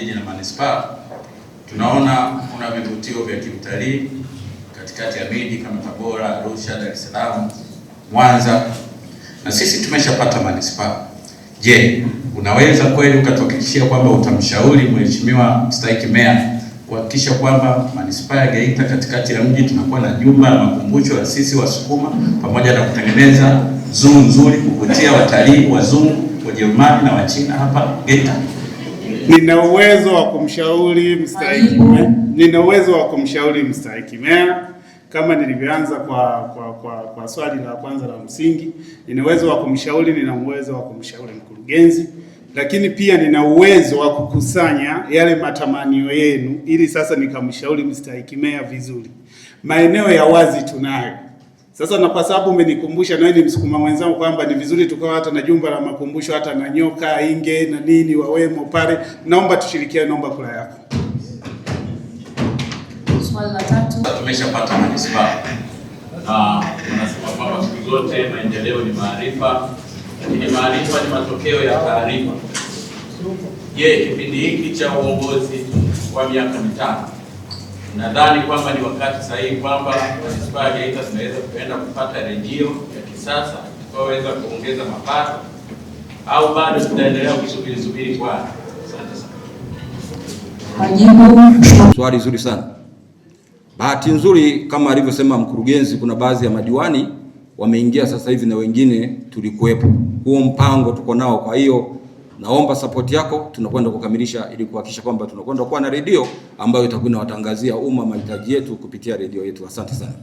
jiji na manispaa, tunaona kuna vivutio vya kiutalii katikati ya miji kama Tabora, Arusha, Dar es Salaam, Mwanza, na sisi tumeshapata manispaa. Je, unaweza kweli ukatuhakikishia kwamba utamshauri mheshimiwa mstahiki meya kuhakikisha kwamba manispaa ya Geita katikati ya mji tunakuwa na jumba ya makumbusho ya sisi Wasukuma pamoja na kutengeneza zuu nzuri kuvutia watalii wazungu, Wajerumani na Wachina hapa Geita? Nina uwezo wa kumshauri mstahiki, nina uwezo wa kumshauri mstahiki meya kama nilivyoanza kwa, kwa, kwa, kwa swali la kwanza la msingi. Nina uwezo wa kumshauri, nina uwezo wa kumshauri mkurugenzi, lakini pia nina uwezo wa kukusanya yale matamanio yenu ili sasa nikamshauri mstahiki meya vizuri. Maeneo ya wazi tunayo sasa na kwa sababu umenikumbusha, na ni msukuma mwenzangu kwamba ni vizuri tukawa hata na jumba la makumbusho hata na nyoka inge na nini wawemo pale, naomba tushirikiane, naomba kula yako. Swali la tatu, tumeshapata manispaa na ah, unasema kwamba siku zote maendeleo ni maarifa, lakini maarifa ni matokeo ya taarifa. Je, kipindi hiki cha uongozi wa miaka mitano nadhani kwamba ni wakati sahihi kwamba manispaa ya Geita tunaweza kuenda kupata redio ya kisasa itakayoweza kuongeza mapato au bado tutaendelea kusubiri subiri kwa swali zuri sana. Bahati nzuri kama alivyosema mkurugenzi, kuna baadhi ya madiwani wameingia sasa hivi na wengine tulikuwepo, huo mpango tuko nao. Kwa hiyo naomba support yako, tunakwenda kukamilisha ili kuhakikisha kwamba tunakwenda kuwa na redio ambayo itakuwa inawatangazia umma mahitaji yetu kupitia redio yetu. Asante sana.